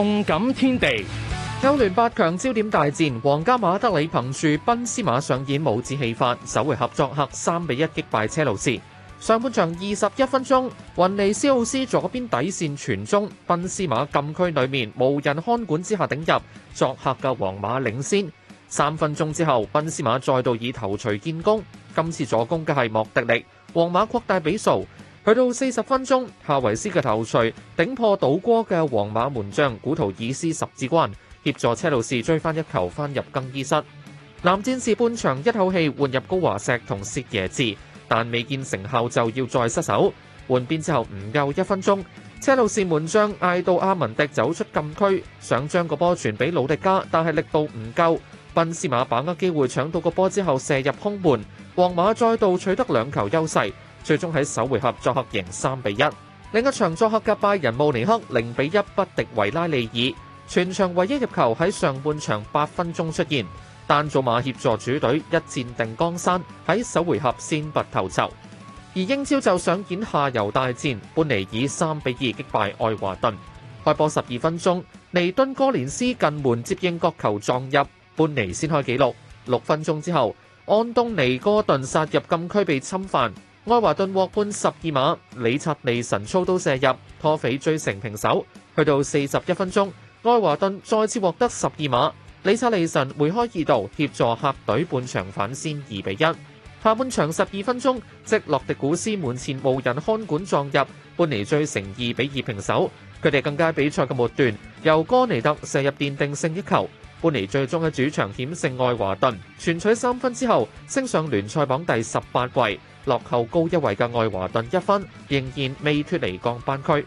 動感天地，歐聯八強焦點大戰，皇家馬德里憑住賓斯馬上演帽子戲法，首回合作客三比一擊敗車路士。上半場二十一分鐘，雲尼斯奧斯左邊底線傳中，賓斯馬禁區裏面無人看管之下頂入，作客嘅皇馬領先。三分鐘之後，賓斯馬再度以頭錘建功，今次助攻嘅係莫迪力，皇馬擴大比數。去到四十分鐘，夏維斯嘅頭槌頂破倒鍋嘅皇馬門將古圖爾斯十字關，協助車路士追翻一球，翻入更衣室。藍戰士半場一口氣換入高華石同薛耶治，但未見成效就要再失手。換邊之後唔夠一分鐘，車路士門將嗌到阿文迪走出禁區，想將個波傳俾魯迪加，但係力度唔夠。賓斯馬把握機會搶到個波之後射入空門，皇馬再度取得兩球優勢。最終喺首回合作客贏三比一，另一場作客嘅拜仁慕尼黑零比一不敵維拉利爾，全場唯一入球喺上半場八分鐘出現，丹祖馬協助主隊一箭定江山，喺首回合先拔頭籌。而英超就上演下游大戰，班尼以三比二擊敗愛華頓。開波十二分鐘，尼敦哥連斯近門接應角球撞入，班尼先開紀錄。六分鐘之後，安東尼哥頓殺入禁區被侵犯。愛華頓獲判十二碼，理察利神操刀射入，拖肥追成平手。去到四十一分鐘，愛華頓再次獲得十二碼，理察利神梅開二度協助客隊半場反先二比一。下半場十二分鐘，即洛迪古斯門前無人看管撞入，潘尼追成二比二平手。佢哋更加比賽嘅末段，由哥尼特射入奠定勝一球。般尼最終嘅主場險勝愛華頓，全取三分之後，升上聯賽榜第十八位，落後高一位嘅愛華頓一分，仍然未脫離降班區。